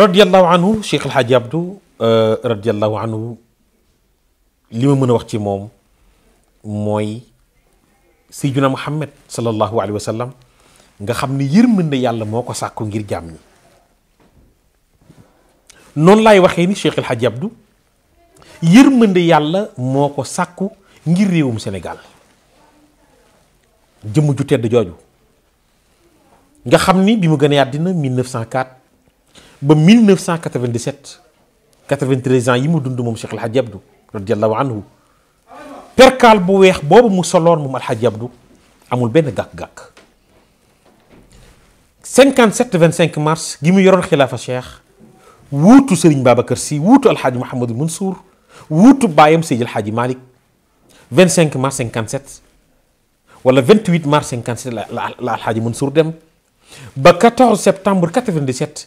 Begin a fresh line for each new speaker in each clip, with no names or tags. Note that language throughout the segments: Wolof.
radiallahu anhu Cheikh El Hadj euh, li ma mën a wax ci moom mooy Seydina Muhammad sallallahu alayhi wa sallam nga xam ne yërmande yàlla moo ko sàkku ngir jàmm ñi noonu laay waxee ni Cheikh El yàlla moo ko sàkku ngir réewum senegal jëmm ju tedd jooju nga xam ni bi mu gën a àddina 1904 ba 1997 93 ans yi mu dund moom Cheikh El Hadj Abdou radiallahu anhu perkaal bu weex boobu mu soloon moom El Abdou amul benn gàkk-gàkk 57 25 mars gi mu yoroon xilaafa Cheikh wuutu Serigne Babacar Sy wuutu El Hadj Mansour wuutu baayam Seydi El Hadj 25 mars 57 wala 28 mars 57 la la El Hadj Mansour dem ba 14 septembre 97.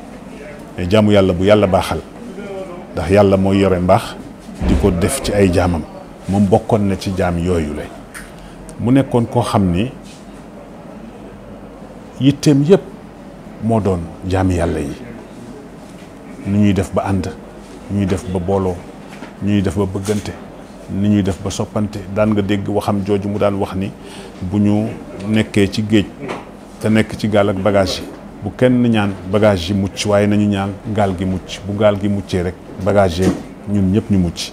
mais jaamu yàlla bu yàlla baaxal ndax yàlla mooy yore mbaax di ko def ci ay jaamam moom bokkoon na ci jaam yooyu la mu nekkoon koo xam ni yitteem yépp moo doon jaam yàlla yi nu ñuy def ba ànd ñuy def ba booloo ñuy def ba bëggante ni ñuy def ba soppante daan nga dégg waxam jooju mu daan wax ni bu ñu nekkee ci géej te nekk ci gaal ak bagage yi bu kenn ñaan bagage yi mucc waaye nañu ñaan gaal gi mucc bu gaal gi muccee rek bagage yeeg ñun ñëpp ñu mucc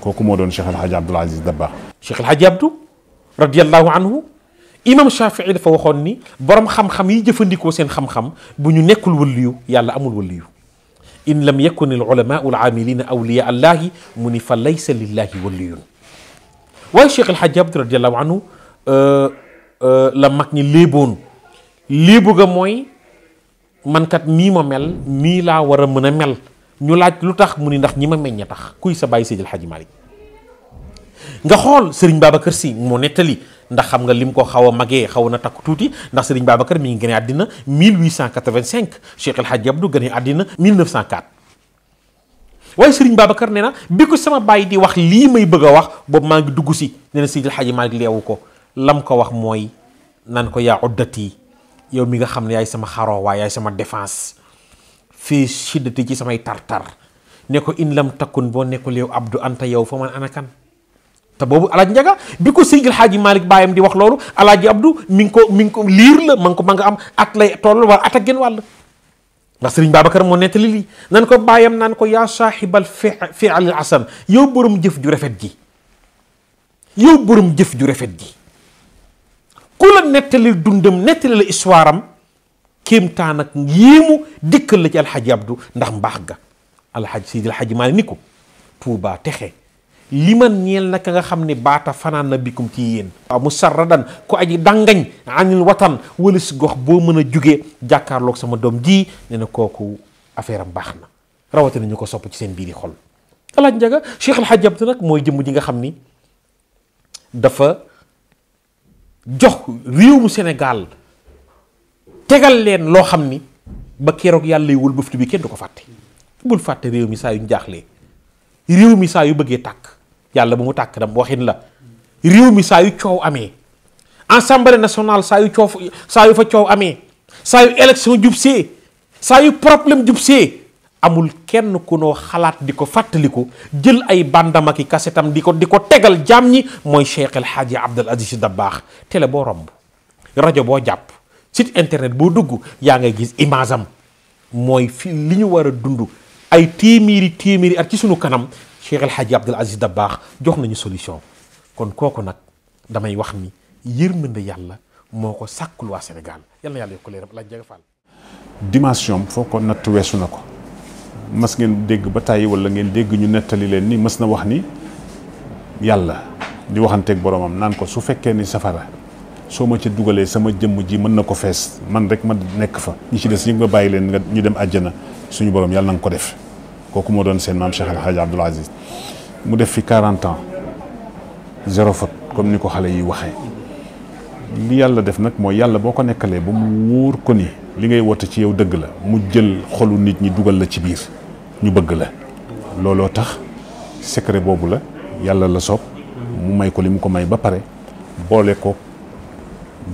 kooku moo doon Cheikh El Hadj Aziz Dabakh.
Cheikh El Hadj Abdou anhu imam Shafii dafa waxoon ni borom xam-xam yi jëfandikoo seen xam-xam bu ñu nekkul waliyu yàlla amul waliyu in lam yakun al ulamaau amilina awliya allahi mu ni fa laysa lillahi waliyun waaye Cheikh El Hadj Abdou anhu la mag ñi léeboon léebu mooy. man kat mi ma mel mi la wara meuna mel ñu laaj lutax mu ni ndax ñi ma meñña tax kuy sa baye sidil Hadji malik nga xol Serigne babakar si mo netali ndax xam nga lim ko xawa magge xawna xaw na takku tuuti ndax Serigne babakar mi ngi gënee 1885 Cheikh El Hadji Abdou adina 1904 way Serigne babakar neena biku sama bayi di wax li may bëgg wax boobu ma ngi dugg si neena sidil Hadji malik lewuko lam ko wax moy nan ko ya uddati yow mi nga xam yaay sama xaroowaay yaay sama défense fi shiddati ci samay tartar ne ko in lam bo ne ko yow abdu anta yow fama anakan ta bobu alaaj njaga bi ko seydil xaaji malik bayam di wax loolu alaaji abdu min ko min ko lire le man ko ma nga am at lay toll wala at gen wal wàll ndax sëriñ babacar moo nettali li nan ko bayam nan ko yaa saaxibal fi'al asam yow borom jëf ju rafet gi yow borom jëf ju rafet gi كل نتلي دندم نتلي إسوارم كيم تانك يمو ديكل لك الحاج عبدو ندخ مباحك الحاج سيد الحاج مالي نيكو توبا تخي لما نيل نكا خمني باتا فنان نبيكم تيين مسردن كو اجي دنگن عن الوطن ولس غوخ بو منا جوغي جاكار لوك سما دوم جي نينا كوكو افير مباحنا rawati nañu ko sopp ci seen biiri xol alaaj njaga cheikh alhaj abdou nak moy jëm ji nga xamni jox réew mu Sénégal tegal leen loo xam ni ba keroog yàlla yi wëlbëftu bi kenn du ko fàtte bul fàtte réew mi saa yu ñu jaaxlee réew mi saa yu bëggee tàkk yàlla bu mu tàkk dam waxin la réew mi saa yu coow amee assemblée nationale saa yu coow saa yu fa coow amee saa yu élection jub saa yu problème jub see amul kenn ku noo xalaat di ko fàttaliku jël ay bandam ak i kasetam di ko di ko tegal jaam ñi mooy Cheikh El Hadji Abdou Aziz Dabakh télé boo romb rajo boo jàpp site internet boo dugg yaa ngay gis image am mooy fi li ñu war a dund ay téeméeri téeméeri at ci sunu kanam Cheikh El Hadji Abdou Aziz Dabakh jox nañu solution kon kooku nag damay wax ni yërmande yàlla moo ko sàkkul waa Sénégal yal na yàlla yokk leeram laaj jaga Fall
dimension foo ko natt weesu na ko mas ngeen dégg ba tàyyi wala ngeen dégg ñu nettali leen ni mas na wax ni yàlla di waxanteeg boromam naan ko su fekkee ni safara soo ma ca dugalee sama jëmm ji mën na ko fees man rek ma nekk fa ñi ci des ñu nga bàyyi leen nga ñu dem àjjana suñu borom yàlla na nga ko def kooku moo doon seen maam Cheikh El Hadj Aziz mu def fi quarante ans zéro faute comme ni ko xale yi waxee. li yàlla def nag mooy yàlla boo ko nekkalee ba mu wóor ko ni li ngay woote ci yow dëgg la mu jël xolu nit ñi dugal la ci biir ñu bëgg la looloo tax secret boobu la yàlla la soob mu may ko li mu ko may ba pare boole ko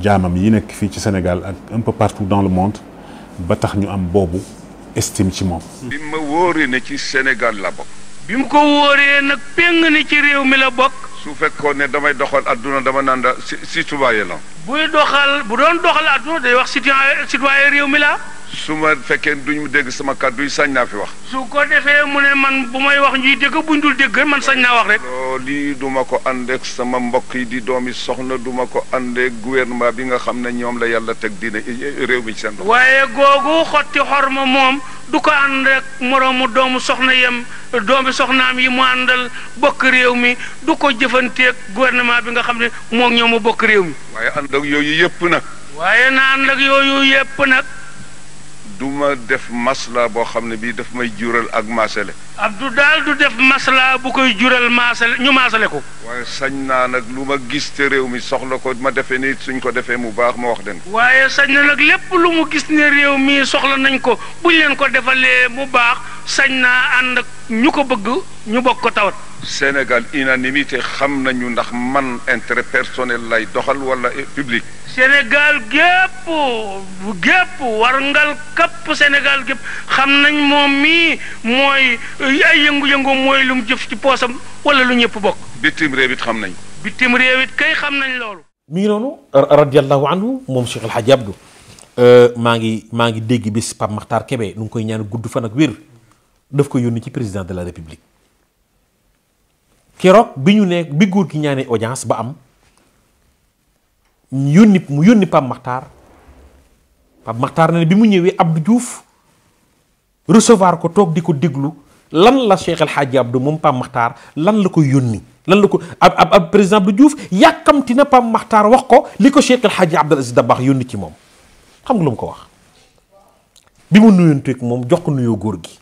jaamam yi nekk fii ci senegal ak un peu partout dans le monde ba tax ñu am boobu estime ci moom
bi ma wóoree ne ci Sénégal la bokk bi mu ko wóoree nag péng ni ci réew mi la bokk su fekkoon ne damay doxal adduna dama naan da si citoyen la. buy doxal bu doon doxal adduna day wax citoyen citoyen réew mi la. su ma fekkee du ñu dégg sama kàddu yi sañ naa fi wax.
su ko defee mu ne man bu may wax ñuy dégg buñ dul dégg man sañ naa wax
rek. lii duma ma ko àndeek sama mbokk yi di doomi soxna duma ko àndeek gouvernement bi nga xam ne ñoom la yàlla teg diine réew mi ci seen.
waaye googu xotti xor ma moom du ko ànd ak moroomu doomu soxna yem. doomi soxnaam yi mu àndal bokk réew mi du ko jëfanteeg gouvernement bi nga xam ne moog ñoom mu bokk réew mi. waaye ànd ak yooyu yëpp nag. waaye na ànd ak yooyu yëpp nag.
du ma def masla boo xam ne bii daf may jural ak maasale
abdu daal du def masla bu koy jural maasale ñu maasale ko
waaye sañ naa nag lu ma gis te réew mi soxla ko ma defee nit suñ ko defee mu baax ma wax den ko
waaye sañ na nag lépp lu mu gis ne réew mi soxla nañ ko buñ leen ko defalee mu baax sañ naa ànd ak ñu ko bëgg ñu bokk ko tawat
Sénégal unanimité xam nañu ndax man intérêt personnel lay doxal wala public
Senegal gep gapu, warngal kep Senegal gep xam nañ moom ya mooy ay yengu yengu moy lum jëf ci posam wala lu ñëpp bok bitim rewit it xam nañ. bitim rewit kay xam nañ loolu.
mi ngi noonu radiyallahu anhu mom Cheikh al Abdou euh maangi maangi bis pam Makhtar Kébé nu ngi koy ñaan guddu fan ak wir daf ko yoni ci président de la république kérok biñu ne bi góor gi ñaané audience ba am yónni mu yónni pam Makhtar pam Makhtar ne bi mu ñewé Abdou Diouf recevoir ko tok di ko lan la Cheikh al Hadji Abdou moom pam Makhtar lan la ko lan la ko ab ab ab président Abdou Diouf yakamti na pam Makhtar wax ko liko Cheikh al Hadji Abdou Aziz Dabakh yónni ci mom xam nga lu ko wax bi mu nuyonteeg mom jox ko nuyo gor gi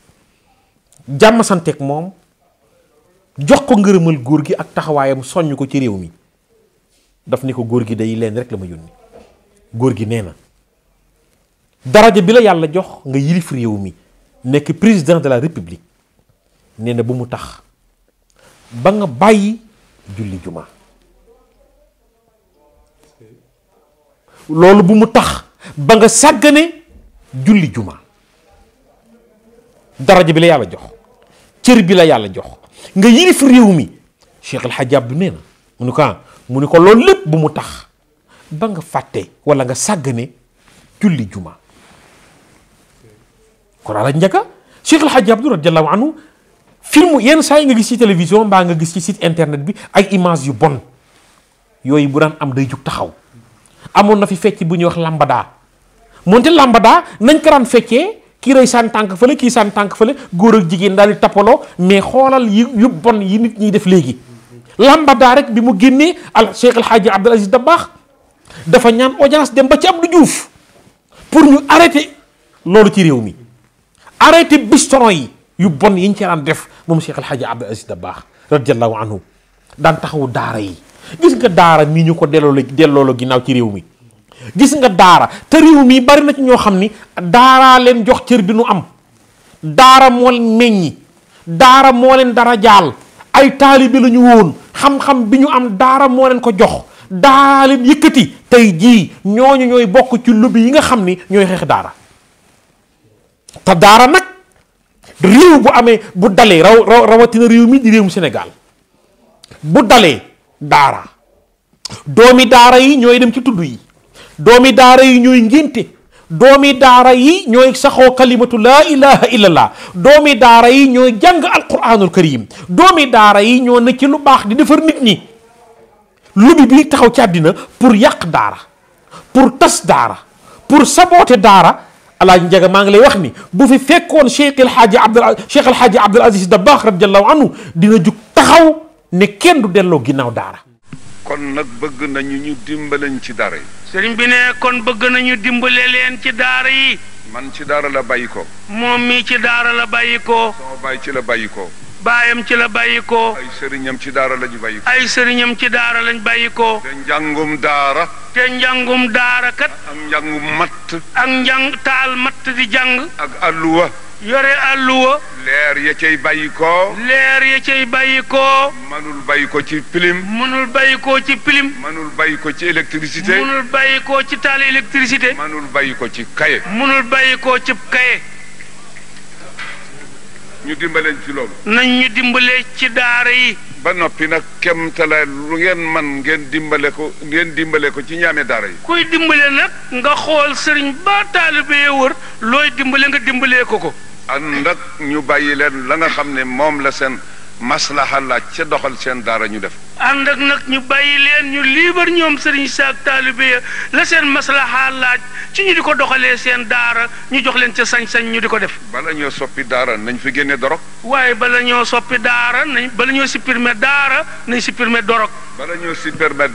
jàmm santeeg mom jox ko ngeureumal gor gi ak taxawayam ko ci daf ni ko góor gi day leen rek la ma yónni góor gi nee na daraja bi la yàlla jox nga yilif réew mi nekk président de la république nee na bu mu tax ba bàyyi julli loolu bu mu tax ba nga sàggane julli juma daraja bi la yàlla jox cër bi la yàlla jox nga yilif réew mi Cheikh El Hadj nee na mu ne ko ah, mu ni ko lol lepp bu mu tax ba nga fàtte wala nga sàggane julli juma kon la ñaka cheikh alhaji abdou radiallahu anhu film yeen say nga gis ci télévision ba nga gis ci site internet bi ay image yu bon yoy bu daan am day juk taxaw amon na fi fecc bu ñu wax lambada moonte lambada nañ ko ran feccee ki reuy san tank fele ki san tank fele góor ak jigen dal di tapolo mais xolal yu bon yi nit ñi def lambadaa rek bi mu génnee al Cheikh El Hadji Abdoul Aziz Dabakh dafa ñaan audience dem ba ci Abdou Diouf pour ñu arrêté loolu ci réew mi arrêté bistron yi yu bon yi ñu ci daan def moom Cheikh El Hadji Abdoul Aziz Dabakh radiyallahu anhu daan taxawu daara yi gis nga daara mii ñu ko delloo la delloo ginnaaw ci réew mi gis nga daara te réew mii bari na ci ñoo xam ni daara leen jox cër bi nu am daara moo leen daara moo leen dara jaal ay taalibe la ñu woon xam-xam bi ñu am daara moo leen ko jox daara leen tey jii ñooñu ñooy bokk ci lobby yi nga xam ni ñooy xeex daara te daara nag réew bu amee bu dalee rawatina réew mi di réewum Sénégal bu dalee daara doomi daara yi ñooy dem ci tudd yi doomi daara yi ñooy ngénte doomi daara yi ñooy saxoo kalimatu laa ilaha illallah doomi daara yi ñooy jàng alquranul karim doomi daara yi ñoo ne ci lu baax di defar nit ñi lubi bi taxaw ci àddina pour yàq daara pour tas daara pour saboote daara alaaji njaga maa ngi lay wax ni bu fi fekkoon cheikh alxaaji abdul cheikh alxaaji abdul aziz dabbaax radiallahu anhu dina jug taxaw ne kenn du delloo ginnaaw daara
kon nag bëgg nañu ñu dimbaleñ ci daara yi.
sëriñ bi ne kon bëgg nañu dimbale leen ci daara yi. man ci daara la bàyyi ko. moom mii ci daara la bàyyi ko. sama baay ci la bàyyi ko. baayam ci la bàyyi ko. ay sëriñam
ci daara lañu bàyyi
ko. ay sëriñam ci daara lañ bàyyi ko. te njàngum daara. te njàngum daara kat. ak njàngum matt. ak njàng taal matt di jàng. ak alluwa.
yore àlluwa leer ya cay bàyyi ko leer ya cay bàyyi ko mënul bàyyi ko ci pilim mënul bàyyi ko ci pilim manul bàyyi ko ci électricité mënul bàyyi
ko ci taal électricité mënul bàyyi ko ci kaye mënul bàyyi ko ci kaye ñu dimbaleen ci loolu nañ ñu dimbale ci daara yi
ba noppi nag kemtala lu ngeen man ngeen dimbale ko ngeen dimbale ko ci ñaame daara yi
kuy dimbale nag nga xool sëriñ ba taalibe wër looy dimbale nga dimbalee ko
ko ànd ak ñu bàyyi leen la nga xam ne moom la seen maslaha laaj ca doxal seen daara ñu def
ànd ak nag ñu bàyyi leen ñu liibar ñoom sëriñ saak taalibe ya la seen maslaha laaj ci ñu di ko doxalee seen daara ñu jox leen ca sañ-sañ ñu di ko def bala ñoo soppi daara nañu fi génne dorog waaye bala ñoo soppi daara nañ bala ñoo supprimer
daara nañ supprimer dorog bala ñoo si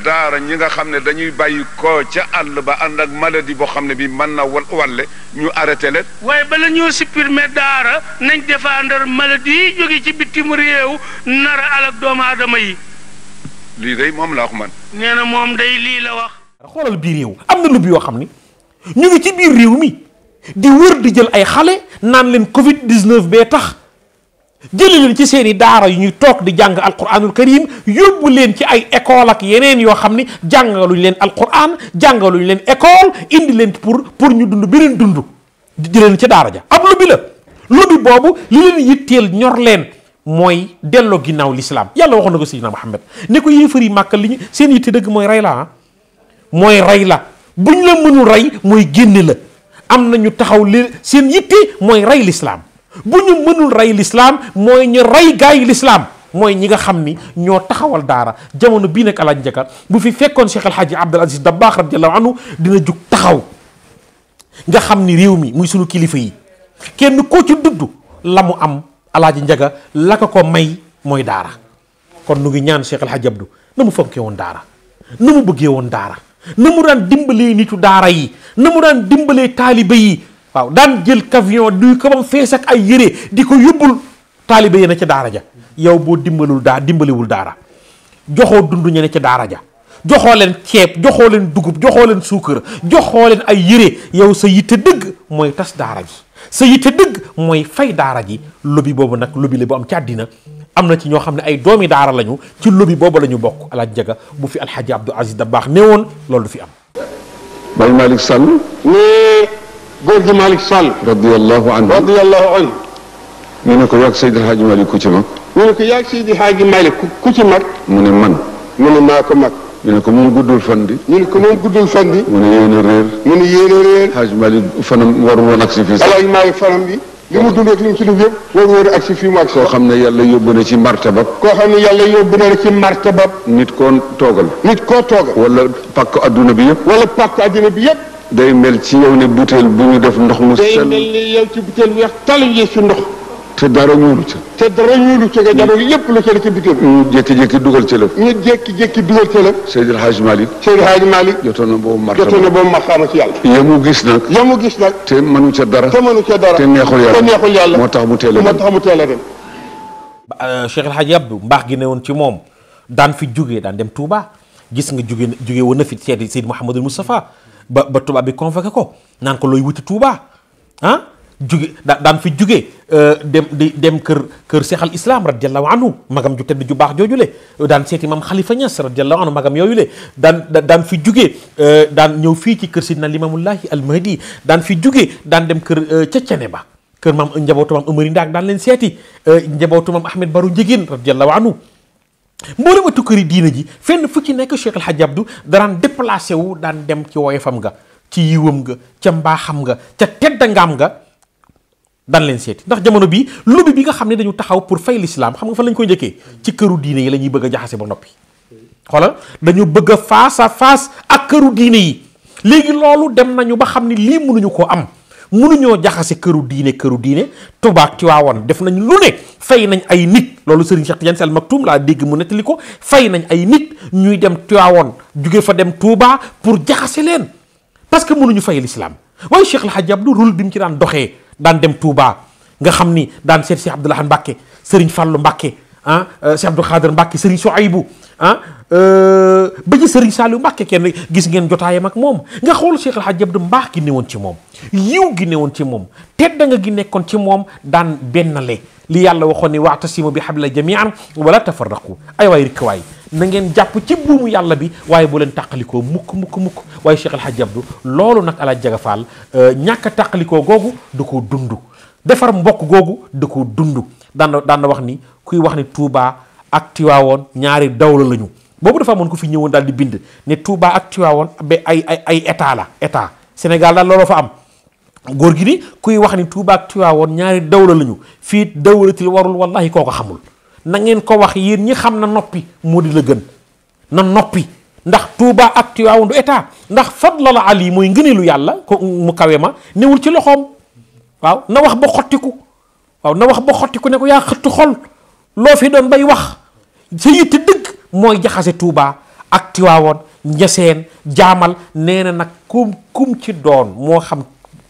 daara ñi nga xam ne dañuy bàyyi ko ca àll ba ànd ak maladie boo xam ne bi mën na wal walle ñu arrêté leen waaye bala ñoo si permettre
daara nañ défendre maladie yi jóge ci bitim réew nar a alak doomu aadama yi lii day moom la wax man nee na moom day lii la wax
xoolal biir réew am yoo xam ni ngi ci biir réew mi di wër di jël ay xale naan leen covid 19 bee tax jëli leen ci seen i daara yu ñuy toog di jàng alquranul karim yóbbu leen ci ay école ak yeneen yoo xam ni jàngaluñ leen alquran jàngaluñ leen école indi leen pour pour ñu dund beneen dund di leen ci daara ja ab bi la lobby boobu li leen yitteel ñor leen mooy delloo ginnaaw lislaam yàlla waxoon na ko Seydina Muhammad ne ko yéefar yi màkk li ñu seen yitte dëgg mooy rey la ah. mooy rey la buñ la mënul rey mooy génne la am na ñu taxaw li seen yitte mooy rey lislaam buñu mënul ray l'islam moy ñu ray gaay l'islam moy ñi nga xamni ño taxawal daara jamono bi nak alaaj njëkka bu fi fekkon cheikh alhaji abdul aziz dabakh radiallahu anhu dina juk taxaw nga xamni rew mi muy suñu kilifa yi kenn ko ci dudd lamu am alaaji njaga la ko may moy daara kon nu ngi ñaan cheikh alhaji abdu namu fonké won dara, daara na mu bëggee daara daan nitu daara yi namu mu daan bi. yi waaw daan jël camion duy ko ba mu fees ak ay yére di ko yóbbul taalibe yi ca daara ja yow boo dimbalul daa dimbaliwul daara joxoo dund ñe ne ca daara ja joxoo leen ceeb joxoo leen dugub joxoo leen suukar joxoo leen ay yére yow sa yitte dëgg mooy tas daara ji sa yitte dëgg mooy fay daara ji lobi boobu nag lobi la bu am ci am na ci ñoo xam ne ay doomi daara lañu ci lobi boobu la ñu bokk alaaj jega bu fi alxaaji Abdou Aziz Dabakh ne woon loolu du fi am
góor gi Malick Sall. radiyallahu anhu radiyallahu anhu. ñu ne ko yaag Seydi Hadji Malick ku ci mag. ñu ne ko yaag Seydi Hadji Malick ku ci mag. mu ne man. mu ne maa ko mag. ñu ne ko moom guddul fan di. ñu ne ko moom guddul fan di. mu ne yéen a réer. mu ne yéen a réer. Hadji Malick fanam waru woon ak si fii sax. Alaaji Malick fanam bi. li mu dund ak li mu si dund yëpp. waru woon ak si fii mu ak sax. koo xam ne yàlla yóbbu na ci martaba. koo xam ne yàlla yóbbu na ci martaba. nit koo toogal. nit koo toogal. wala pàkk adduna bi yëpp. wala pàkk adduna bi yëpp. day mel ci yow ne butéel bu ñu def ndox mu sel day mel ni yow ci butéel bu weex tal yi ci ndox te dara ñuulu ci te dara ñuulu ca nga jaral lépp la ca la ca nu ñu jékki-jékki la ñu jékki-jékki la na na ci yàlla ya gis gis te dara te dara te neexul yàlla te neexul yàlla mu
mu dem Cheikh gi ci fi dem Touba gis nga jóge jóge na fi ba ba tubaab bi convoqué ko naan ko looy wuti Touba ah juge daa daan fi jugee euh, dem di dem kër kër seexal islam radiallahu anhu magam ju tedd ju baax joojule daan seeti maam xalifa ñas radiallahu anhu magam yooyule daan daan fi jugee euh, daan ñëw fii ci kër sidna limamullahi almahdi daan fi jugee daan dem kër euh, ca cene ba kër maam njabootu maam Amari Ndaak daan leen seeti njabootu maam Ahmed Baru Njigéen radiallahu anhu mboolem ëttu këri diina ji fenn fu ci nekk Cheikh El Hadj Abdou daraan déplacé wu daan dem ci woyefam nga ci yiwam nga ca mbaaxam nga ca teddangaam nga daan leen seeti ndax jamono bii lobby bi nga xam ne dañu taxaw pour fay l'islam xam nga fa lañ koy njëkkee ci këru diine yi lañuy bëgg a jaxase ba noppi xoolal dañu bëgg a face à face ak këru diina yi léegi loolu dem nañu ba xam ne lii mënuñu koo am mënuñoo jaxase këru diine këru diine tubaab ci waawoon def nañ lu ne fay nañ ay nit loolu Serigne Cheikh Tidiane Sy Al laa dégg mu nettali ko fay nañ ay nit ñuy dem Tiwaawoon jóge fa dem Touba pour jaxase leen parce que mënuñu fay l'islam waaye Cheikh la Hadj Abdou rôle bi mu ci daan doxee daan dem Touba nga xam ni daan seet si Abdoulahan Mbacke Serigne Fallou Mbacke ah euh, Cheikh Abdou Khader Mbacke Serigne Souaïbou ah euh, ba ci Serigne Saliou Mbacke kenn gis ngeen jotaayam ak moom nga xool Cheikh El Hadj Abdou mbaax gi newoon ci moom yiw gi newoon ci moom tedd nga gi nekkoon ci moom daan benna bennale li yàlla waxoon ni wa'tasimu bi hablillah jami'an wala tafarraqu ay waay rikk waay na ngeen jàpp ci buumu yàlla bi waaye bu leen tàqalikoo mukk mukk mukk waaye Cheikh El Hadj Abdou loolu nag alaaj jaga faal euh, ñàkk a tàqalikoo googu da koo dund defar mbokk googu da koo dund daan daan wax ni kuy wax ni Touba ak Tiwaawoon ñaari dawla lañu boobu dafa amoon ko fi ñëwoon daal di bind ne Touba ak Tiwaawoon ba ay ay ay la état senegal daal looloo fa am. góor gi ni kuy wax ni Touba ak Tiwaawoon ñaari dawla lañu fii dawlatil warul wallahi koo ko xamul na ngeen ko wax yéen ñi xam na noppi moo di la gën na noppi. ndax Touba ak Tiwaawoon du état ndax fadlal ali mooy ngëneelu yàlla ko mu kawe ma newul ci loxoom waaw na wax ba xottiku waaw na loo fi doon bay wax sa yitte dëgg mooy jaxase Touba ak Tiwaawoon Ñaseen jaamal nee na nag kum kum ci doon moo xam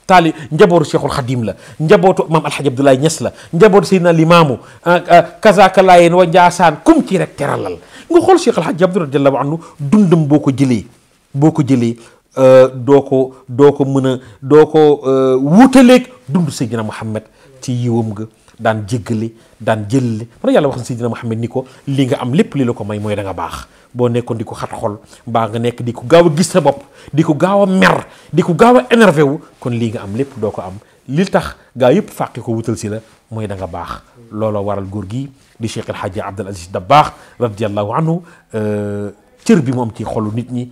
taali njabootu Cheikhul Xadim la njabootu maam Alxaji Abdoulaye Ñas la njabootu Seydina Limaamu ah, ah, kazaaka laayeen wa Njaasaan kum ci rek teralal nga xool Cheikh Alxaji Abdoulaye radiyallaahu anhu dundam boo ko jëlee boo ko jëlee euh, doo ko doo ko mën a doo ko euh, wuutaleeg dund Seydina Muhammad ci yiwam ga Dan jéggale dan jëlale mo yalla wax na sidina Muhammad Niko, li nga am lepp li la may moy da nga bax bo nekkon diko xat xol ba nga nekk diko gawa gis sa bop diko gawa mer diko gawa gaaw énervé wu kon li nga am lepp doo ko am li tax ga yëpp fàqi ko wutal si la da nga bax lolo waral gor gi di Cheikh al Hadji Abdul Aziz Dabakh radiyallahu anhu euh, cër bi mu am ci xolu nit ñi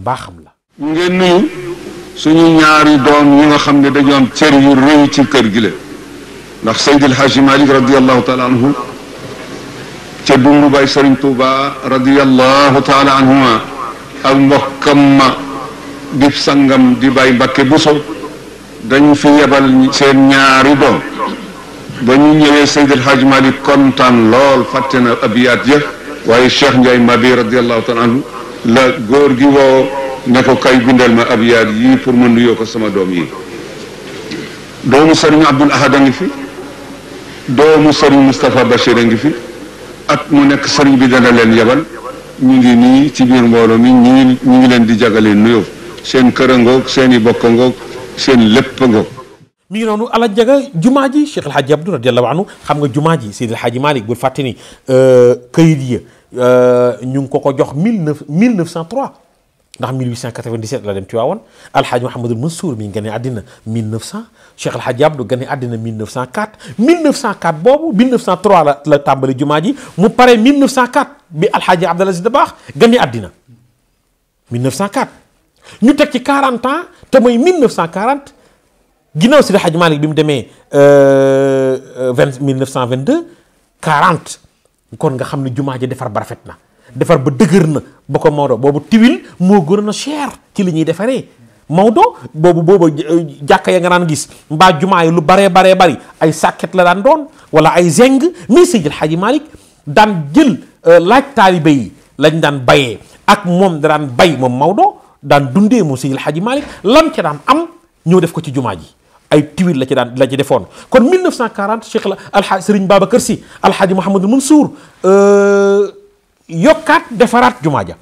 mbaxam la
ngeen
nuyu suñu ñaari doom yi nga xamne dañu am cër yu ci kër gi la ndax Seydi El Hadji Malick radiallahu taala anhu ca dundu bay Sëriñ Tuuba radiallahu taala anhuma ak mbokkam ma di di bay Mbakke Buso dañu fi yebal seen ñaari doom ba ñu ñëwee Seydi El lool fàtte na abiyaat ya waaye Cheikh Ndiaye Mabi radiallahu góor gi woo ne ko kay bindal abiyaat yii pour ma nuyoo ko sama doom yi doomu Sëriñ Abdul fi doomu sëriñ Moustapha Bachir a ngi fi at mu nekk sëriñ bi dana leen yebal ñu ngi nii ci biir mbooloo mi ñu ngi leen di jagaleen nuyoo seen kër a ngoog seen i bokk a ngoog seen lépp a ngoog
mi ngi noonu ala jaga jumaa ji Cheikh El Hadj Abdou radiyallahu anhu xam nga jumaa ji Seydi El Hadj Malick bul fàtte ni euh, këyit ya euh, ñu ngi ko ko jox mille neuf mille neuf cent ndax 1897 la dem Tiwaawan alxaaj Mouhamadul Mansour mi ngi gane àddina 1900 Cheikh alxaaj Abdou gane àddina 1904 1904 boobu 1903 la la tàmbali jumaa ji mu pare 1904 bi alxaaj Abdou Aziz Dabakh gane àddina 1904 ñu teg ci 40 ans te mooy 1940 ginnaaw si alxaaj Malick bi mu demee 20 1922 40 kon nga xam ne jumaa ji defar ba rafet na defar ba dëgër na ba ko Maodo boobu tiwil moo gënoon a cher ci li ñuy defaree Maodo boobu boobu euh, jàkka ya nga naan gis mbaa jumaa yi lu baree baree bari ay sàkket la daan doon wala ay zeng mais Seydil Hadji Malick daan jël euh, laaj taalibe yi lañ daan bayee ak moom da daan bay moom Maodo daan dundee moom Seydil Hadji Malick lam ca daan am ñëw def ko ci jumaa ji ay tiwil la ci daan la ci defoon kon 1940 Cheikh la alxaaj Sëriñ Babacar Sy alxaaji Mouhamadou Mansour euh, yokkaat defaraat jumaa ja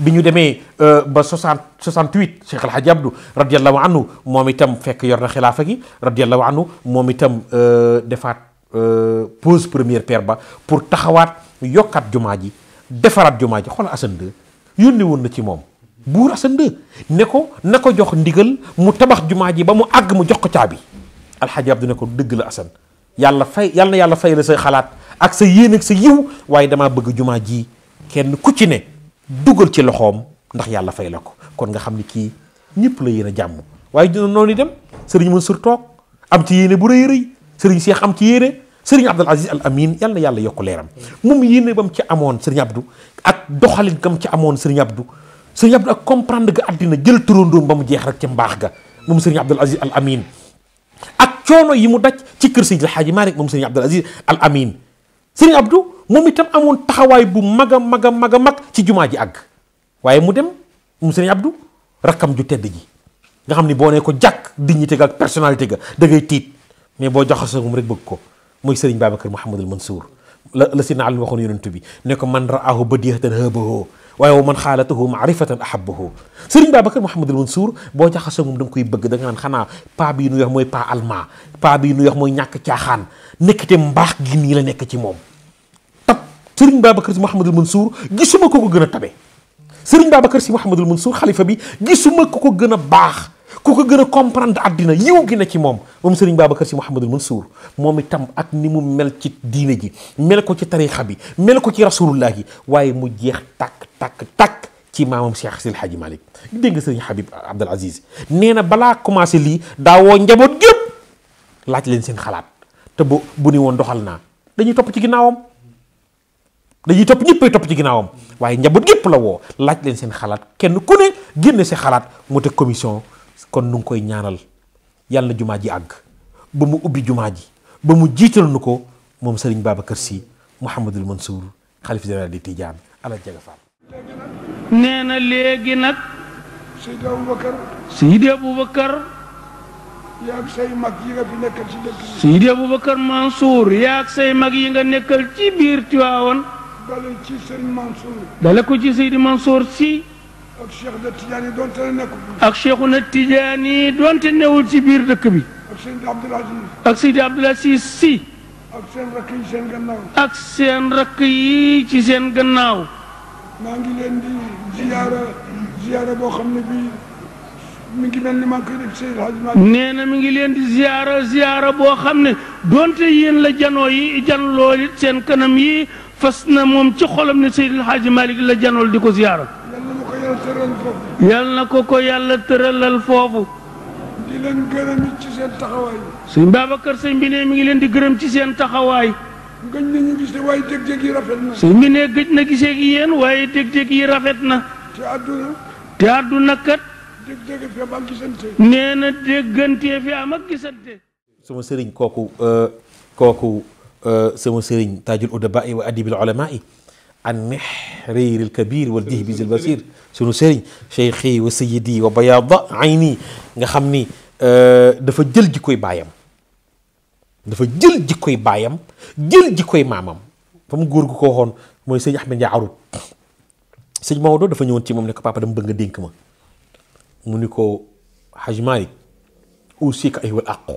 bi ñu demee euh, ba 60 68 Cheikh El Hadj Abdou radiallahu anhu moom itam fekk yor na xilaafa gi radiallahu anhu moom itam euh, defaat euh, pose première pierre ba pour taxawaat yokkaat jumaa ji defaraat jumaa ji xoolal Assane II yónni woon na ci moom buur Assane II ne ko na ko jox ndigal mu tabax jumaa ji ba mu àgg mu jox ko caabi El Hadj Abdou ne ko dëgg la Assane yàlla fay yàlla na yàlla fay la say xalaat ak sa yéen ak sa yiw waaye damaa bëgg jumaa ji. kenn ku ci ne dugal ci loxoom ndax yàlla fay la ko kon nga xam ni kii ñëpp la yéen a jàmm waaye dina noonu dem sëriñ Mansour toog am ci yéene bu rëy rëy sëriñ seex am ci yéene sëriñ Abdul Aziz Al Amin yal yàlla yokk leeram moom yéene ba mu ci amoon sëriñ Abdou ak doxalin ga ci amoon sëriñ Abdou sëriñ Abdou ak comprendre ga àddina jël turandoom ba mu jeex rek ci mbaax ga moom sëriñ Abdul Aziz Al Amin ak coono yi mu daj ci kër Seydi El Hadji Malick sëriñ Abdul Al Amin moom itam amoon taxawaay bu mag a mag a mag a mag ci jumaa ji àgg waaye mu dem mu sëriñ Abdou rakkam ju tedd ji nga xam ni boo ne ko jàkk dignité ga ak personnalité ga da ngay tiit mais boo jox joxasagum rek bëgg ko muy sëriñ Babacar Mouhamadul Mansour la la si naal waxoon yonent bi ne ko man raahu badiyatan habahu waaye wa man xaalatahu maarifatan ahabahu sëriñ Babacar Mouhamadul Mansour boo jaxasagum da nga koy bëgg da nga naan xanaa paa bii nu yox mooy paa allemand paa bii nu yox mooy ñàkk caaxaan nekkite mbaax gi nii la nekk ci moom serigne babacar si mohamadul mansour gisuma ko ko gëna tabé tabe serigne babacar si mohamadul mansour khalifa bi gisuma ko ko gëna bax ko ko gëna comprendre adina yiw gi na ci mom mom serigne babacar si mouhamadul mansour momi tam ak ni mu mel ci diine ji mel ko ci tariikha bi mel ko ci rasulullah yi waye mu jeex tak tak tak ci mamam cheikh sil haji malik deug serigne habib abdul aziz nena bala commencé li da wo njabot gep laaj len seen xalaat te bu ni won doxal dañuy top ci ginaawam dañuy top ñepp top ci ginaawam waye njaboot gépp la wo laaj leen seen xalaat kenn ku ne genn ci xalaat mu te commission kon nu ngi koy ñaanal yalla juma ji ag ba mu ubbi juma ji ba mu jiital nuko mom serigne babakar si mohammedul mansour khalifa général di tidiane ala jaga faal
nee na léegi nag seydi aboubacar seydi aboubacar yaag say mag yi nga fi nekkal ci dëkk seydi aboubacar mansour yaag say mag yi nga nekkal ci bir tiwaawon
dalee ci Serigne Mansour.
dalee ko si. ak Cheikh na Tidiane donte newul ci biir dëkk bi. ak Seydi Abdoul Aziz. si. ak seen rakk yi ci seen gannaaw.
maa ngi leen di ziyaara
ziyaara boo xam ne mi ngi leen di ziyaara boo xam ne donte yéen la janoo yi janloo seen kanam yi فسنا موم تي خولم ني سيد الحاج مالك لا جانول ديكو زياره يال نكو كو يالا ترالال فوفو دي لن گرم تي سين تخاواي سين بابكر سين بي ني ميغي لن دي گرم تي سين تخاواي گن ني ني گيس واي تك تك يي رافتنا سين مي ني گيج نا گيس اك يين واي تك تك يي رافتنا تي ادو تي ادو نكات تك تك في ام گيسنتي نينا دي گنتي في ام گيسنتي
سما سيرين كوكو ا كوكو سمو سيرين تاج الأدباء وأديب العلماء عن محرير الكبير والدهبز البصير سنو سيرين شيخي وسيدي وبياض عيني نخمني دفا جيل جيكوي بايام دفا جيل جيكوي بايام جيل جيكوي مامام فم غور كو خون موي سيدي احمد نياارو سيدي مودو دفا نيون تي موم نيكو بابا دم بنغ دينك ما مونيكو حاج مالك اوسيك ايوا الاقو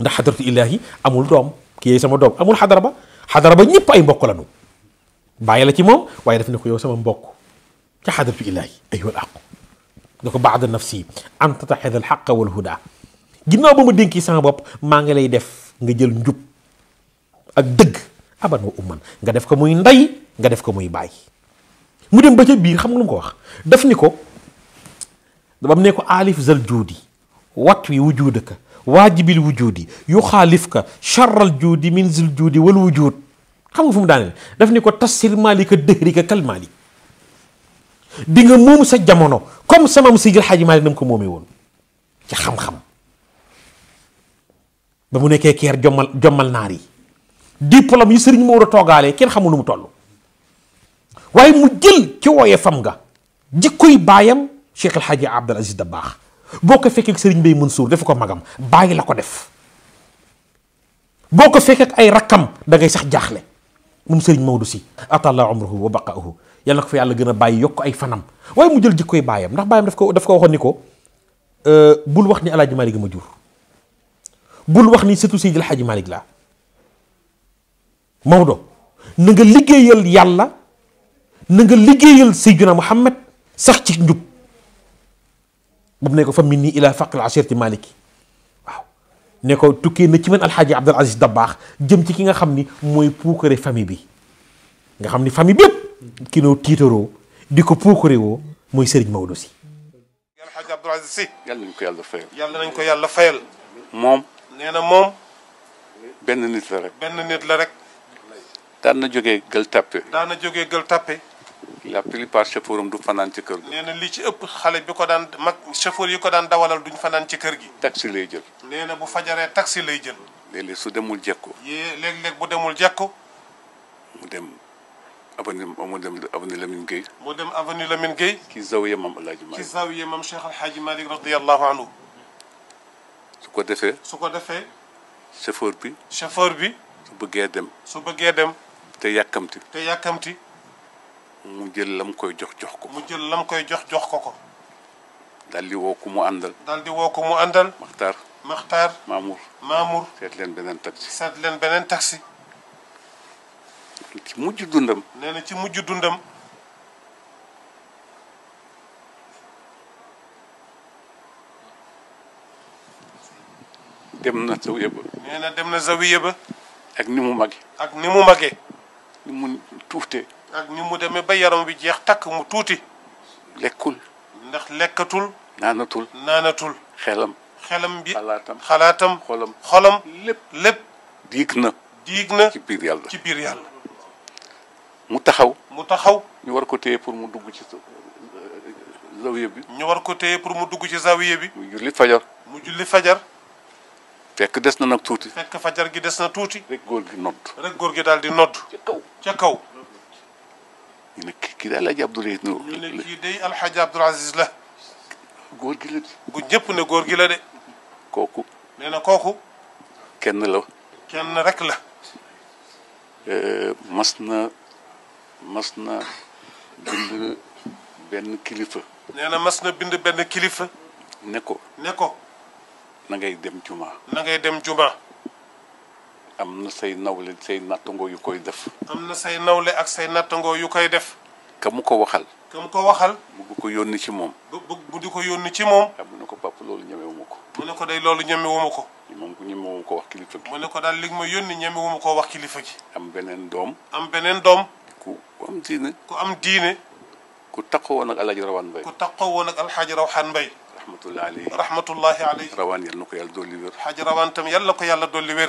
ده حضرت الهي امول دوم ki yee sama doom amul xadara ba xadara ba ñëpp ay mbokk lañu bàyyi la ci moom waaye daf ne ko yow sama mbokk ca xadratu ilaahi aywa al aqu da ko baada nafsi an tataxid al xaqa wal huda ginnaaw ba ma dénki sama bopp maa ngi lay def nga jël njub ak dëgg aban wa umman nga def ko muy ndey nga def ko muy bàyyi mu dem ba ca biir xam nga lu mu ko wax daf ni ko bam ne ko alif zal juudi wat wi wujudaka waajib il wujudi yu xaalif ka charral juudi min zil juudi wal wujud xam nga fu mu daaneel daf ni ko tasir maalika dëhri ka kal maalik di nga moom sa jamono comme sama mam Seydil Hadji Malick nam ko moomee woon ci xam-xam ba mu nekkee keer jommal jommal naar yi diplôme yi sëriñ Maodo toogaalee kenn xamul nu mu toll waaye mu jël ci wooyee fam nga jikkoy baayam Cheikh El Hadji Abdoul Aziz Dabakh boko fekk ak serigne Mbay Mansuur def ko magam bàyyi la ko def boko fekk ak ay rakam da ngay sax jaxle mum serigne mawdou si atalla umruhu wa baqaahu yàlla ko fa yàlla gëna bàyyi yok ay fanam way mu jël jikkoy bayam ndax bayam daf ko daf ko waxon niko euh bul wax ni alaaji malik ma jur bul wax ni sëtu Seydil Xaaji malik la Maodo na nga liggeyal yàlla na nga liggeyal Seydina Muhammad sax ci njub bu mu ne ko fa minni ilaa faqil asirti maliki waaw ne ko tukkee na ci man alxaaji abdul aziz dabaax jëm ci ki nga xamni ni mooy puukare famille bi nga xam ni famille bépp ki noo tiitaroo di ko puukare woo mooy sëriñ Maodo si
alxaaji abdul aziz si yàlla nañ ko yàlla fayal yàlla nañ ko yàlla fayal mom neena mom ben nit la rek ben nit la rek daan na jógee gël tapé daan na jógee gël tapé la plupart chauffeur am du fanaan ci kër gi. nee na li ci ëpp xale bi ko daan mag chauffeur yi ko daan dawalal duñ fanaan ci kër gi. taxi lay jël. nee na bu fajaree taxi lay jël. léeg-léeg su demul jekko. yee léeg-léeg bu demul jekko. mu dem avenue mu dem avenue Lamine Gueye. mu dem avenue Lamine Gueye. ci zawiya maam El Hadj Malick. ci zawiya maam Cheikh El Hadj Malick radiyallahu anhu. su ko defee. su ko defee. chauffeur bi. chauffeur bi. su bëggee dem. su bëggee dem. te yàkkamti. te yàkkamti. mu jël lam koy jox jox ko. mu jël lam koy jox jox ko ko. daal di woo ku mu àndal. daal di woo mu àndal. Maxtaar Maxtaar. Mamour Mamour. seet leen beneen taxi. seet leen beneen taxi. ci mujj dundam. nee ci mujj dundam. dem na zawiya ba. nee dem na zawiya ba. ak ni mu màggee. ak ni mu màggee. ni mu tuuftee. ak ni mu demee ba yaram bi jeex takk mu tuuti. lekkul. ndax lekkatul. naanatul naanatul. xelam. xelam bi xalaatam xalaatam. xolam xolam lépp lépp. diig na. diig na ci biir yàlla ci biir yàlla. mu taxaw. mu taxaw. ñu war ko téye pour mu dugg ci zawiya bi. ñu war ko téye pour mu dugg ci zawiya bi. mu julli fajar. mu julli fajar. fekk des na nag tuuti. fekk fajar gi des na tuuti. rek góor gi nodd. rek góor gi daal di nodd. ca kaw ca kaw. ñu ne kii daal Alaaji Abdou Rahim ñu la góor gi la de gu ñëpp ne góor gi la de kooku nee na kooku kenn la kenn rek la mas na mas na bind benn kilifa nee na mas na bind benn kilifa ne ko ne ko na ngay dem jumaa na ngay dem jumaa amna say nawle say natongo yu koy def. amna say nawle ak say natongo yu koy def. kam ko waxal. kam ko waxal. bu di ko yónni ci mom bu bu diko yónni ci mom amna ko papa lolou ñame ko. mu ko day loolu mom ko. ñame ñemewuma wax kilifa gi. mu ko dal li ma yónni ñame koo wax kilifa gi. am benen dom am benen dom ku am diine. ku am diine. ku taxawoon nak alhaji rawan bay ku taxawoon nak alhaji rawaan bay rahmatullahi alayhi. rahmatullahi alayhi. rawaan yal na ko yàlla dolli wér. alxaaji rawaan tam yal na ko yàlla dolli wér.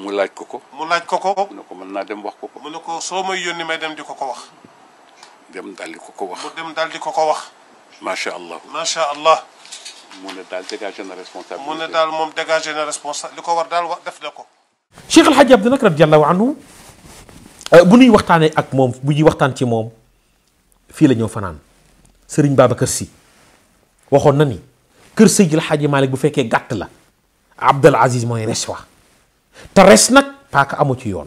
mu laaj ko ko mu laaj ko ko mu ne ko mën naa dem wax ko ko mu ne ko soo may yónni may dem di ko ko wax dem daal di ko ko wax mu dem daal di ko ko wax macha allah macha allah mu ne daal dégagé na responsabilité mu ne daal moom dégagé na responsabilité li ko war daal wax def na
ko cheikh alhaji abdou nag radiallahu anhu bu ñuy waxtaanee ak moom bu ñuy waxtaan ci moom fii la ñëw fanaan sëriñ babacar si waxoon na ni kër sëydi alhaji malik bu fekkee gàtt la abdul aziz mooy reswa te res nag paaka amu ci yoon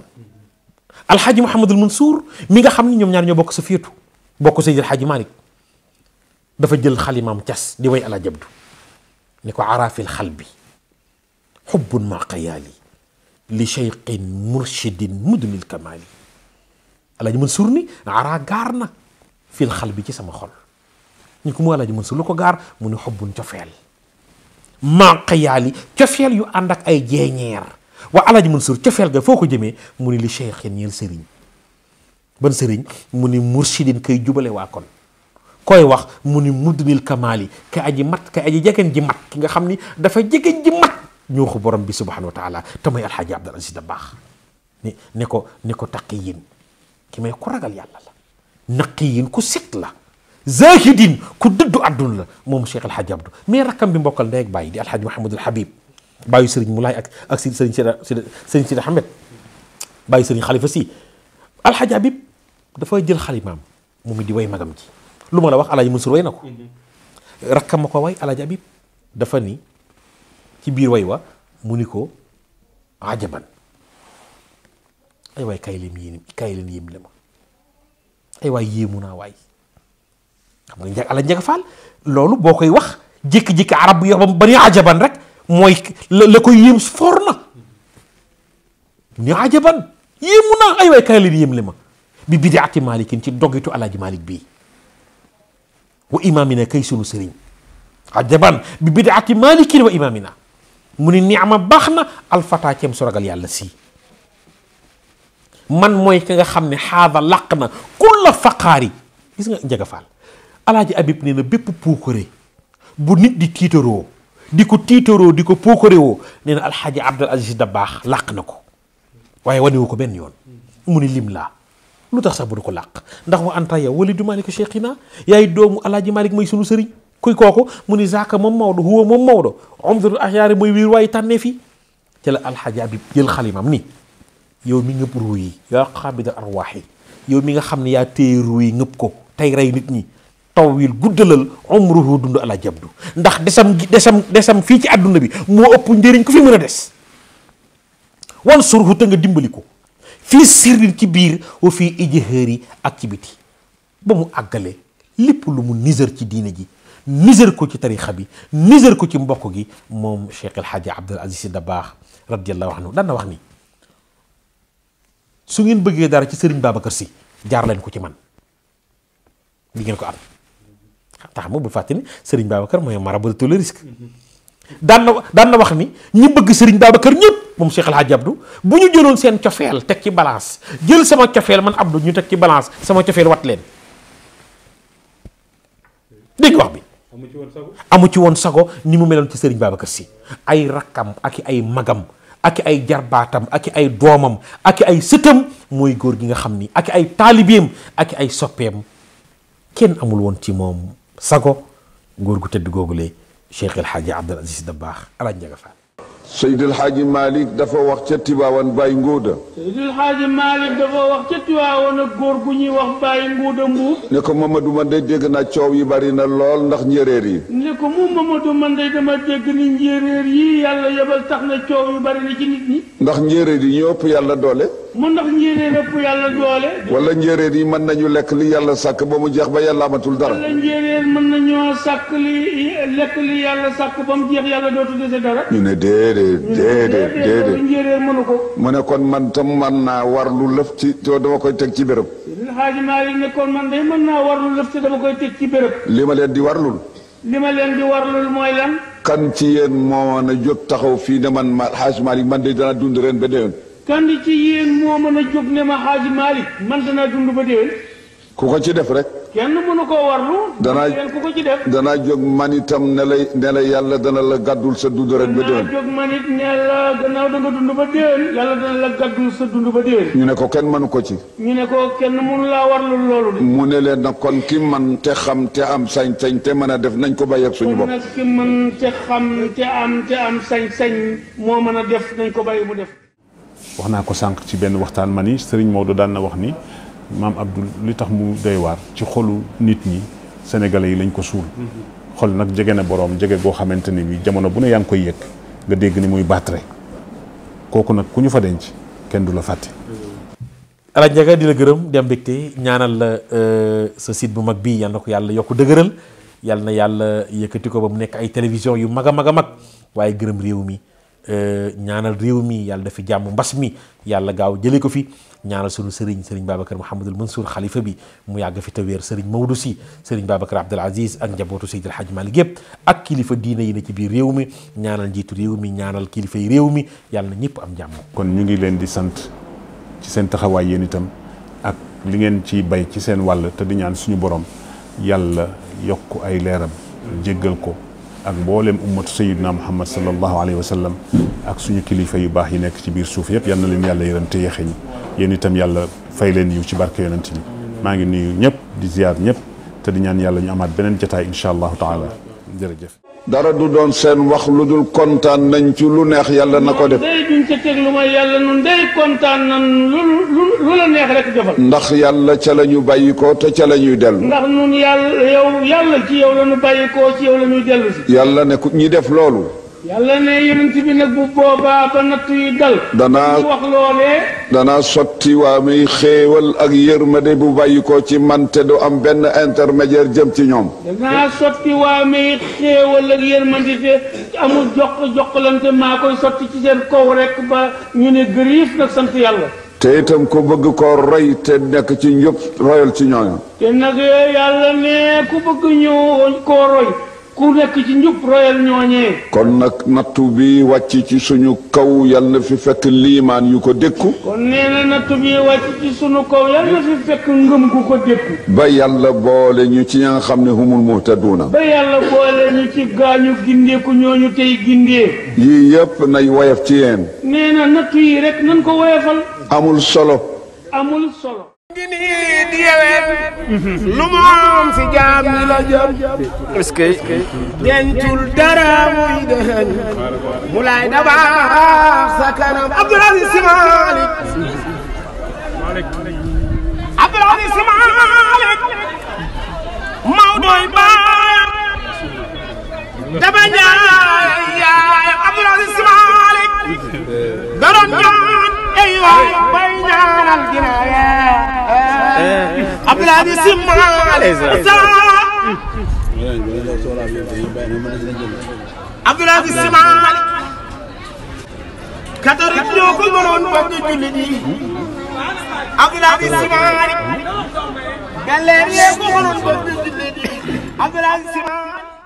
alxaaji Mouhamadul Mansour mi nga xam ne ñoom ñaar ñoo bokk sa féetu bokk Seydi Alxaaji Malick dafa jël xalimaam cas di way ala jabdu ni ko araafil xal bi xubbun maa qayaali li cheyqin murshidin mudnil kamaali alaaji Mansour ni araa gaar na fil xal bi ci sama xol ñu ko mu alaaji Mansour lu ko gaar mu ni xubbun cofeel maa qayaali cofeel yu ànd ak ay jeeñeer وعلاج منصور تفعل فوق جميع مني شيخ ينيل سرين بن سرين مني مرشد كي جبل واكون كوي واخ مني مدن الكمالي كأجي مات كأجي جاكن جمات كي خمني دفع جاكن جمات نيوخ بورم بي سبحانه وتعالى تمي الحاج عبد العزيز دباخ ني نيكو نيكو تقيين كي ما يكرغال يالا نقيين كو سيت لا زاهدين كو ددو ادون لا موم شيخ الحاج عبد مي ركام بي مبوكال ديك باي دي الحاج محمد الحبيب bàyyi sëriñ mu laay ak ak si sëriñ Sidi sëriñ Sidi Ahmed bàyyi sëriñ xalifa si alxaaj Habib dafa jël xalimaam mu mi di way magam ji lu ma la wax alaaji Mansour way na ko mm-hmm. rakkam ma ko way alaaji Habib dafa ni ci biir way wa mu ajaban ay waay kaay leen yéen kaay leen ay waay yéemu naa xam nga nja ala njaga faal loolu boo wax jékki-jékki arab yo bam ajaban rek mooy la ko yéem for na ñu ajaban yéemu naa ay waay kaay leen yéem li ma bi bidaati malikin ci dogitu alaaji malik bii wa imaamina kay sunu sëriñ ajaban bi bidaati malikin wa imaamina mu ni niama baax na alfataa ceem soragal yàlla sii man mooy ki nga xam ne xaada làq na kulla faqaari gis nga njëga faal alaaji abib nee na bépp puukare bu nit di tiitaroo di ko tiitaroo di ko pookarewoo nee na alxaaji abdul aziz baax làq na ko waaye wanewu ko benn yoon mu ni lim laa lu tax sax bu du ko làq ndax wa anta yow wali du maaliku cheikhina yaay doomu alaaji malik mooy sunu sëriñ kuy kooku mu ni zaaka moom mawdo huwa moom mawdo omdul axyaari mooy wiir waaye tànnee fi ci la alxaaji abib jël xalimam yow mi ngëpp yi yaa xaabidal arwaax yi yow mi nga xam ne yaa téye ruu yi ngëpp ko tey rey nit ñi tawwil guddalal umruhu dund ala jabdu ndax desam desam desam fii ci àdduna bi moo ëpp njëriñ ko fi mën a des wan surhu te nga dimbali ko fii sirrin ci biir wa fii ijhaari ak ci biti ba mu àggale lépp lu mu nisër ci diine ji nisër ko ci tarixa bi nisër ko ci mbokk gi moom Cheikh El Hadji Abdoul Aziz Sy Dabakh radiyallahu anhu daan na wax ni su ngeen bëggee dara ci sëriñ Babacar si jaar leen ko ci man di ngeen ko am Tamu bu fatini sering bawa kerma yang tout le risque Dan dan daan na wax ni ñi bëgg sëriñ babacar ñëpp mom cheikh alhaji abdou buñu ñu seen cofeel ci balance jël sama cofeel man abdou ñu tek ci balance sama cofeel wat leen dig wax bi amu ci won sago ni mu meloon ci serigne babacar si ay rakam ak ay magam ak ay jarbatam ak ay domam ak ay sëtam moy gor gi nga xamni ak ay taalibeem ak ay ken amul won ci mom sago góor gu tëdd googule Cheikh El Hadji Abdoul Aziz Dabakh alaaj Njaga Fall
Seydi El dafa wax ca Tiwaawan Baye Ngouda.
Seydi El Hadji dafa wax ca Tiwaawan ak góor gu ñuy wax Baye Ngouda Mbuub.
ne ko Mamadou man de dégg naa coow yi bari na lool ndax njéréer yi.
ne ko moom Mamadou man de dama dégg ni njéeréer yi yàlla yebal tax na coow yu bari ci nit ñi.
ndax njéeréer yi ñoo ëpp yàlla doole. mu ndax wala njéeréer yi mën nañu lekk li yàlla sàkk ba mu jeex ba yàlla amatul dara. wala
njéeréer mën nañoo li lekk li yàlla sàkk ba mu jeex yàlla dootu dese dara.
ñu ne déedéet déedéet déedéet
njéeréer
kon man tam man naa war lu lëf ci to dama koy teg ci béréb.
xaaji Maalik ne kon war lu
li ma leen di warlul.
li ma leen
kan ci yéen mo mën a jóg taxaw fii ne man ma xaaji Maalik man de dana dund ren ba
kan ci yéen moo mën a jóg ne ma xaaji Malick man danaa dund ba déwén.
ku ko ci def rek.
kenn mënu koo warlu.
danaa jóg man itam ne lay ne la yàlla dana la gàddul sa dund rek ba déwén.
dund yàlla dana la gàddul sa dund ba déwén.
ñu ne ko kenn mënu ko ci.
ñu ne ko kenn mënu laa warlu loolu de.
mu ne leen nag kon ki man te xam te am sañ-sañ te mën a def nañ ko bàyyi ak suñu bopp. kon
nag ki man mën a def ko
wax naa ko sànq ci benn waxtaan ma ni moo Maodo daan na wax ni maam Abdou li tax mu doy waar ci xolu nit ñi sénégalais yi lañ ko suul. xol nag jege na boroom jege goo xamante ni bi jamono bu ne yaa ngi koy yëg nga dégg ni muy battre kooku nag ku ñu fa denc kenn du la fàtte.
Alaaji Ndiaga di la gërëm dem am te ñaanal la euh, sa site bu mag bii yal na ko yàlla yokk dëgëral yàlla na yàlla yëkkati ko ba mu nekk ay télévision yu mag a mag a mag waaye gërëm réew mi. Euh, ñaanal réew mi yàlla dafi jàmm mbas mi yàlla gaaw jëlee ko fi ñaanal sunu sëriñ sëriñ Babacar Mouhamadul Mansour xalifa bi mu yàgg fi te wéer sëriñ Maodo si sëriñ Babacar Abdoul Aziz ak njabootu Seydil Hadj Malick yëpp ak kilifa diina yi ne ci biir réew mi ñaanal njiitu réew mi ñaanal kilifa réew mi yàlla na ñëpp am
jàmm. kon ñu ngi leen di sant ci seen taxawaay yéen itam ak li ngeen ci bay ci seen wàll te di ñaan suñu borom yàlla yokk ay leeram jéggal ko. ak mboolem ummat sayyidina muhammad sallallahu alayhi wa sallam ak suñu kilifa yu bax yi nek ci bir souf yeb yal lim yàlla yeurante yexign yen itam yàlla fay len yu ci barke yonent bi maa ngi nuyu ñep di ziar ñep te di ñaan yàlla ñu amaat benen jotaay inshallah taala jere jërëjëf
dara du doon seen wax lu dul kontaan nañ ci lu neex yàlla na ko def.
day kontaan
ndax yàlla ca la ñu bàyyi ko te ca la ñuy dellu.
ndax nun yàlla yow ko
ñuy ñi def loolu.
yàlla ne yonent bi nag bu boobaa ba natt yi dal. danaa wax loolee.
danaa sotti waa muy xéewal ak yërmande bu bàyyi ko ci man te du am benn intermédiaire jëm ci ñoom.
danaa sotti waa muy xéewal ak yërmande te amul jox joxlante maa koy sotti ci seen kaw rek ba ñu ne gërëf nag sant yàlla.
te itam ku bëgg ko roy te nekk ci njub royal ci ñooñu.
te nag yàlla ne ku bëgg ñëw koo roy. ku nekk ci njub royal ñooñee
kon nag nattu bi wàcc ci suñu kaw yal na fi fekk liimaan yu ko dékku
kon nee na nattu bi wàcc ci suñu kaw yal na fi fekk ngëm gu ko dékku
ba yàlla boole ñu ci ña nga xam ne humul muhtaduuna ba
yàlla boole ñu ci gaañu gindeeku ñooñu tey gindee
yii yëpp nay woyof ci yéen
nee nattu yi rek nan ko woyofal
amul solo
lu moom si jaam ñi la jëm est-ce que dencul dara muy dëxëñ mu lay dabaax sa kanam Abdoul Aziz Sy Malick Abdoul Aziz Sy Malick Maodoy baar daba njaay yaay Abdoul Aziz Sy Malick daroon ñaan ay waay bay ñaanal dina weer Eh, eh. Abdoulaye Simaale Sa Abdoulaye Simaale ah,
katolik ah. ñoo ko mënoon bokk jullit yi
Abdoulaye Simaale ah.
gàlleer ñoo ko mënoon bokk
jullit yi Abdoulaye Simaale